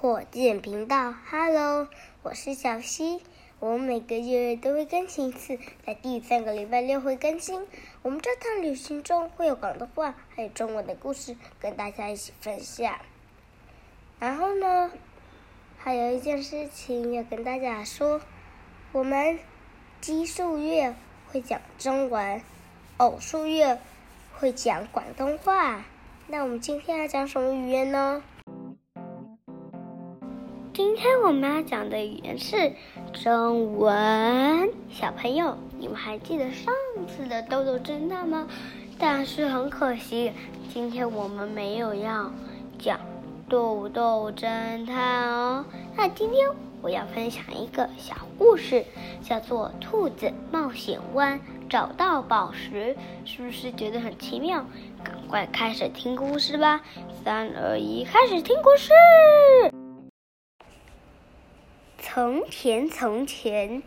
火箭頻道，Hello，我是小溪。我們每個月都會更新一次，在第三個禮拜六會更新。我們這趟旅行中會有廣東話，還有中文的故事跟大家一起分享。然後呢，還有一件事情要跟大家說，我們奇數月會講中文，偶數月會講廣東話。那我們今天要講什麼語言呢？今天我們要講的語言是中文，小朋友，你們還記得上次的豆豆偵探嗎？但是很可惜，今天我們沒有要講豆豆偵探哦。那今天我要分享一個小故事，叫做《兔子冒險灣》，找到寶石，是不是覺得很奇妙？趕快開始聽故事吧！三二一，開始聽故事。從前，從前，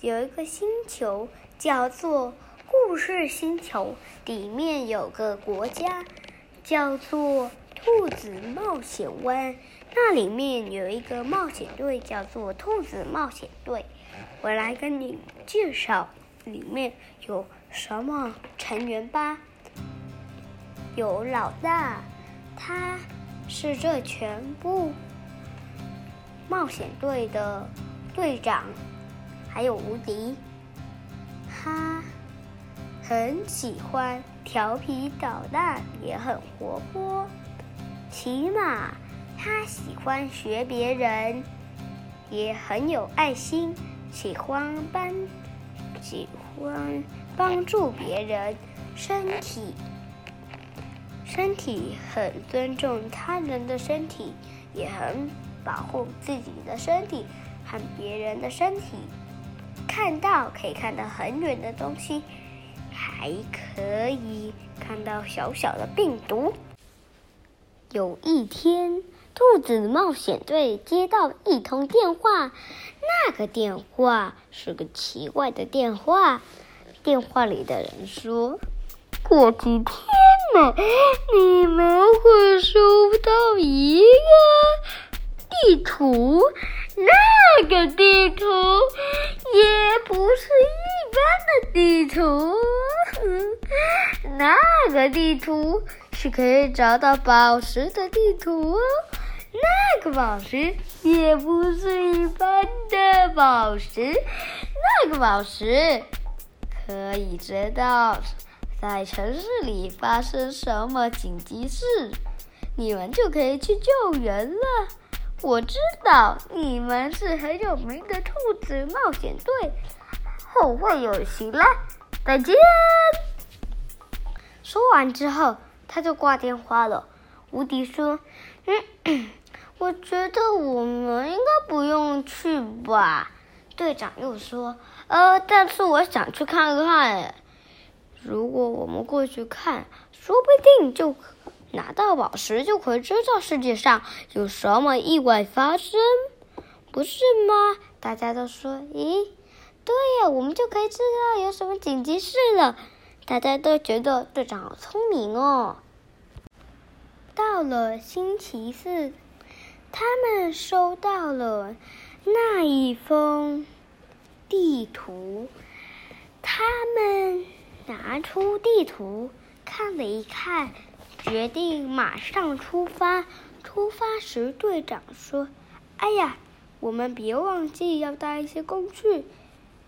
有一個星球叫做故事星球，裡面有個國家叫做兔子冒險灣。那裡面有一個冒險隊，叫做兔子冒險隊。我來跟你介紹裡面有什麼成員吧。有老大，他是這全部冒險隊的隊長，還有無敵，他很喜歡調皮搗蛋，也很活潑。起碼他喜歡學別人，也很有愛心，喜歡幫，喜歡幫助別人。身體，身體很尊重他人的身體，也很。保護自己的身體和別人的身體，看到可以看到很遠的東西，還可以看到小小的病毒。有一天，兔子冒險隊接到一通電話，那個電話是個奇怪的電話。電話裡的人說：“過幾天呢，你們會收到一個。”地圖，那個地圖也不是一般的地圖。 那個地圖是可以找到寶石的地圖哦。那個寶石也不是一般的寶石。那個寶石可以知道在城市裡發生什麼緊急事，你們就可以去救援了。我知道你們是很有名的兔子冒險隊，後會有期啦，再見。說完之後，他就掛電話了。無敵說：“嗯，我覺得我們應該不用去吧。”隊長又說：“呃，但是我想去看看。如果我們過去看，說不定就可……”拿到寶石就可以知道世界上有什麼意外發生，不是嗎？大家都說：“咦，對呀，我們就可以知道有什麼緊急事了。”大家都覺得隊長好聰明哦。到了星期四，他們收到了那一封地圖，他們拿出地圖看了一看。決定馬上出發。出發時，隊長說：“哎呀，我們別忘記要帶一些工具，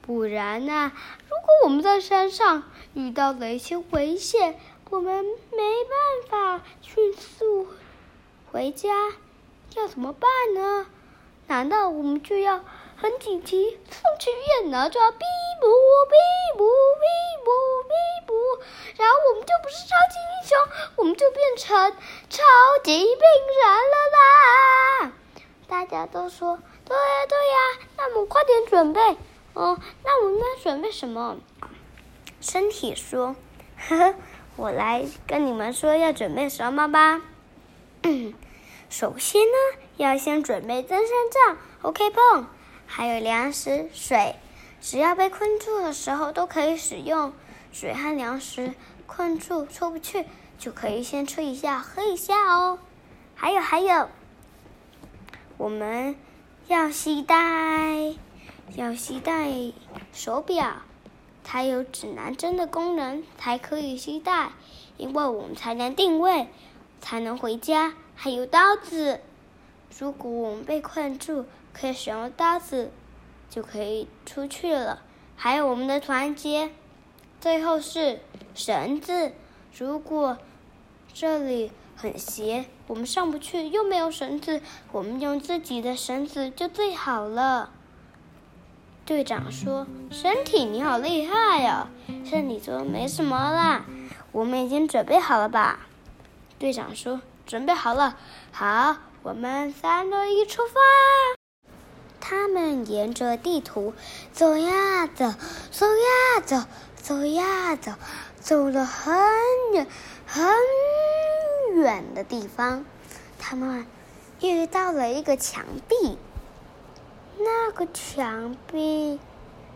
不然呢、啊，如果我們在山上遇到了一些危險，我們沒辦法迅速回家，要怎麼辦呢？難道我們就要很緊急送去醫院呢？就要逼不逼不逼不逼，逼？”然後我們就不是超級英雄，我們就變成超級病人了啦！大家都說對呀、啊、對呀、啊，那我們快點準備。哦、嗯，那我們要準備什麼？身體說：“呵呵，我來跟你們說要準備什麼吧、嗯。首先呢，要先準備登山杖、OK 繃，還有糧食、水，只要被困住的時候都可以使用。”水和糧食困住出不去，就可以先吃一下，喝一下哦。還有還有，我們要攜帶，要攜帶手錶，才有指南針的功能，才可以攜帶，因為我們才能定位，才能回家。還有刀子，如果我們被困住，可以使用刀子，就可以出去了。還有我們的團結。最後是繩子，如果這裡很斜，我們上不去，又沒有繩子，我們用自己的繩子就最好了。隊長說：“身體，你好厲害呀、哦！”身體說：“沒什麼啦，我們已經準備好了吧？”隊長說：“準備好了，好，我們三二一出發。”他們沿着地圖走呀走，走呀走。走呀、so yeah, 走，走了很遠很遠的地方，他們、啊、遇到了一個牆壁。那個牆壁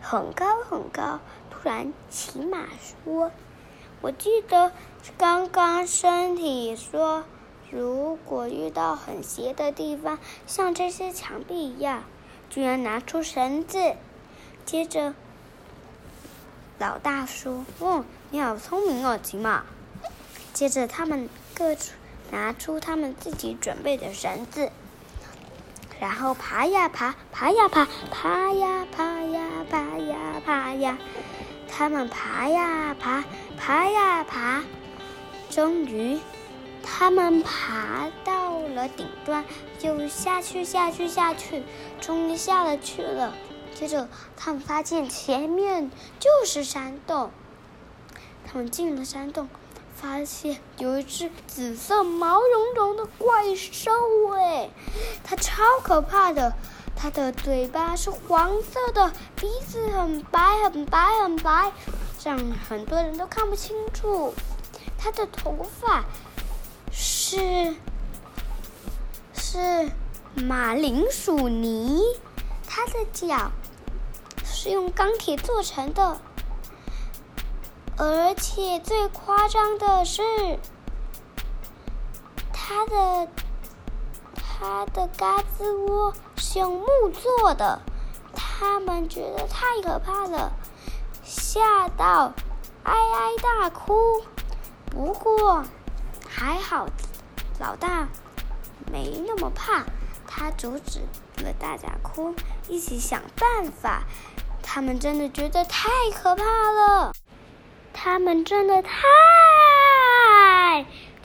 很高很高。突然，騎馬說：“我記得剛剛身體說，如果遇到很斜的地方，像這些牆壁一樣，居然拿出繩子。”接着。老大說：“哦，你好聰明哦，吉姆。”接着，他們各出拿出他們自己準備的繩子，然後爬呀爬，爬呀爬，爬呀爬呀爬呀，爬呀爬呀，他們爬呀爬，爬呀爬，終於，他們爬到了頂端，就下去下去下去，終於下了去了。接着，他們發現前面就是山洞。他們進了山洞，發現有一隻紫色毛茸茸的怪獸，哎，它超可怕的。它的嘴巴是黃色的，鼻子很白很白很白，這樣很，很多人都看不清楚。它的頭髮是是馬鈴薯泥，它的腳。是用鋼鐵做成的，而且最誇張的是，它的它的胳肢窩是用木做的。他們覺得太可怕了，嚇到哀哀大哭。不過還好，老大沒那麼怕，他阻止了大家哭，一起想辦法。他們真的覺得太可怕了，他們真的太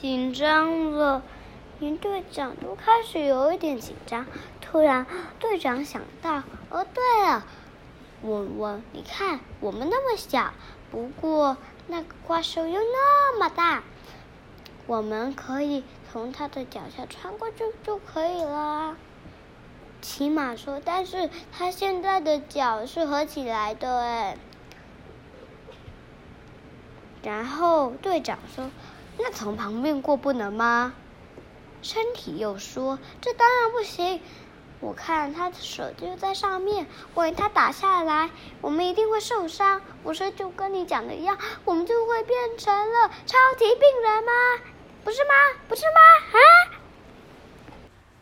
緊張了，連隊長都開始有一點緊張。突然，隊長想到：“哦，對了，我我你看，我們那麼小，不過那個怪獸又那麼大，我們可以從它的腳下穿過去就可以了。”騎馬說：“但是他現在的腳是合起來的，哎。”然後隊長說：“那從旁邊過不能嗎？”身體又說：“這當然不行！我看他的手就在上面，萬一他打下來，我們一定會受傷。不是就跟你講的一樣，我們就會變成了超級病人嗎？不是嗎？不是嗎？啊！”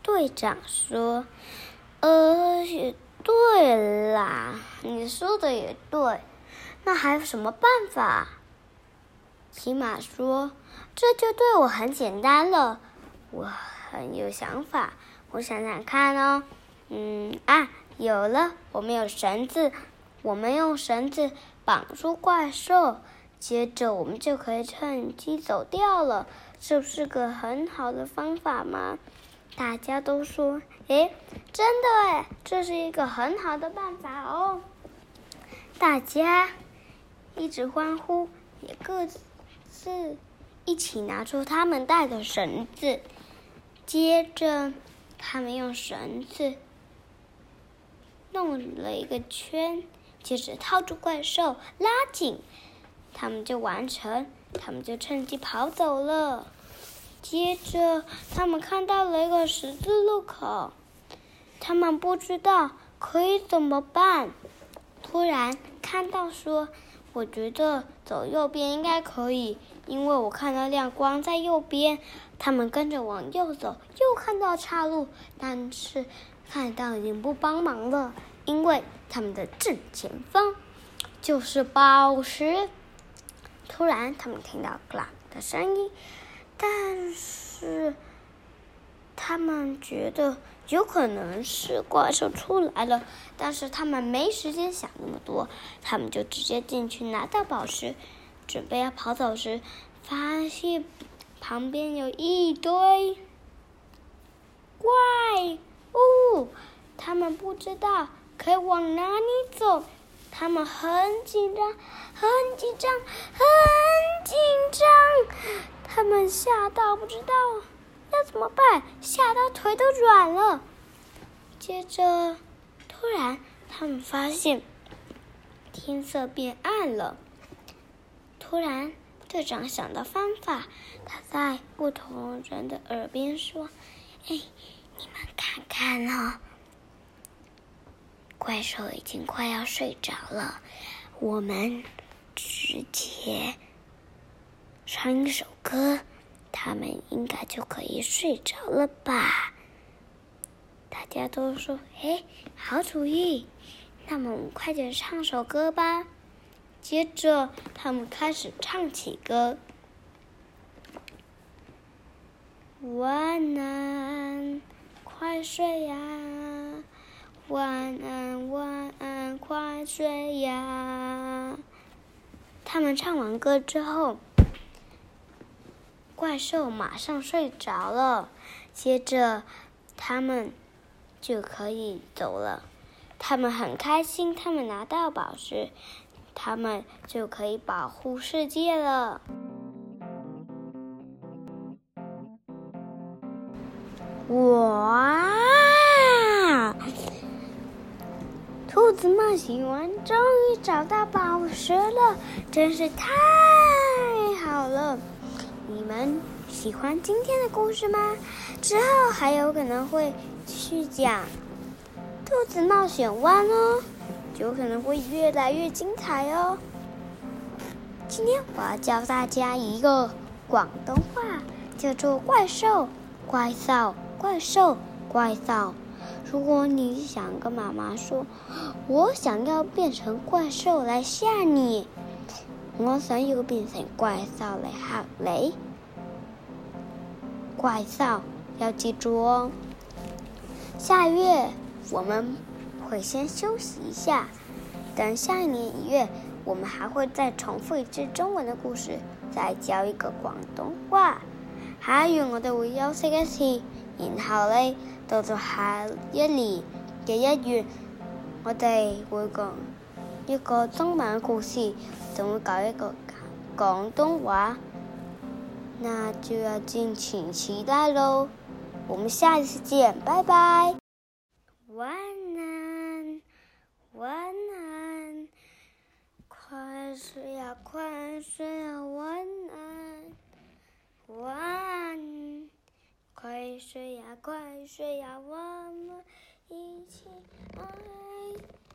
隊長說。呃，也對啦，你說的也對，那還有什麼辦法？起碼說，這就對我很簡單了，我很有想法。我想想看哦。嗯啊，有了，我們有繩子，我們用繩子綁住怪獸，接着我們就可以趁機走掉了，這不是個很好的方法嗎？大家都說：“哎，真的，哎，這是一個很好的辦法哦！”大家一直歡呼，也各自一起拿出他們帶的繩子，接着他們用繩子弄了一個圈，接着套住怪獸，拉緊，他們就完成，他們就趁機跑走了。接着，他們看到了一個十字路口，他們不知道可以怎麼辦。突然看到說，我覺得走右邊應該可以，因為我看到亮光在右邊。他們跟着往右走，又看到岔路，但是看到已經不幫忙了，因為他們的正前方就是寶石。突然，他們聽到“朗”的聲音。但是，他們覺得有可能是怪獸出來了，但是他們沒時間想那麼多，他們就直接進去拿到寶石，準備要跑走時，發現旁邊有一堆怪物，他們不知道可以往哪裡走，他們很緊張，很緊張，很緊張。他們嚇到不知道要怎麼辦，嚇到腿都軟了。接着，突然他們發現天色變暗了。突然，隊長想到方法，他在不同人的耳邊說：“哎，你們看看哦，怪獸已經快要睡着了，我們直接。”唱一首歌，他們應該就可以睡着了吧？大家都說：“哎，好主意！”那麼我們快點唱首歌吧。接着，他們開始唱起歌：“晚安，快睡呀！晚安，晚安，快睡呀！”他們唱完歌之後。怪獸馬上睡着了，接着，他們就可以走了。他們很開心，他們拿到寶石，他們就可以保護世界了。哇！兔子冒險王終於找到寶石了，真是太好了。你們喜歡今天的故事嗎？之後還有可能會繼續講《兔子冒險灣》哦，有可能會越來越精彩哦。今天我要教大家一個廣東話，叫做“怪獸，怪獸，怪獸，怪獸”。如果你想跟媽媽說，我想要變成怪獸來嚇你。我想要變成怪獸嚟嚇你。怪獸要記住哦，下月我們會先休息一下，等下一年一月，我們還會再重複一次中文的故事，再教一個廣東話。下月也也我哋會休息一次，然後呢，到咗下一年嘅一月，我哋會講一個中文嘅故事。等我搞一個廣東話，那就要敬請期待嘍。我們下一次見，拜拜。晚安，晚安，快睡呀，啊，快睡呀，啊，晚安，晚安，快睡呀，啊，快睡呀，啊啊啊，我們一起快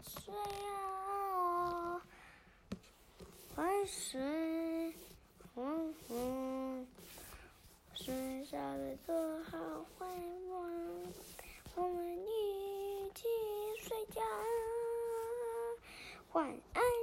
睡呀，啊。快睡，哦哦！睡覺了，做好壞夢，我們一起睡覺，晚安。